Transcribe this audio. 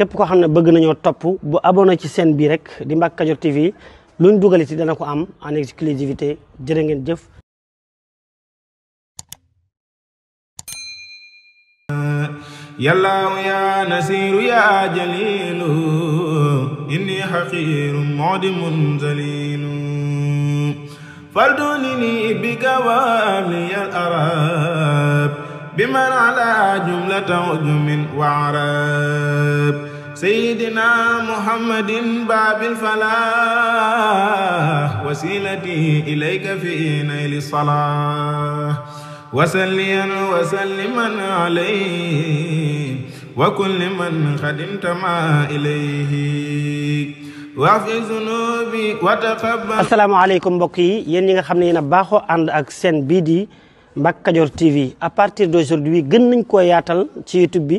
képp koo xam ne bëgg nañoo topp bu abonné ci seen bii rek di Mbacke Kadior TV luñ dugal ci dana ko am en exclusivité jërë ngeen jëf yallaahu ya nasiru ya jalilu inni xaqiru modimun zalilu فلدنني بكوامي الأراب بمن على جملة عجم وعراب سيدنا محمد باب الفلاح وسيلتي إليك في نيل الصلاة وسليا وسلما عليه وكل من خدمت ما إليه wafi zunubi wa taqabbal asalaamaaleykum mbokk yi yéen ñi nga xam ne yéen a baaxoo ànd ak seen bii di Mbacke Kadior TV à partir d'aujourd'hui gën nañ koo yaatal ci YouTube bi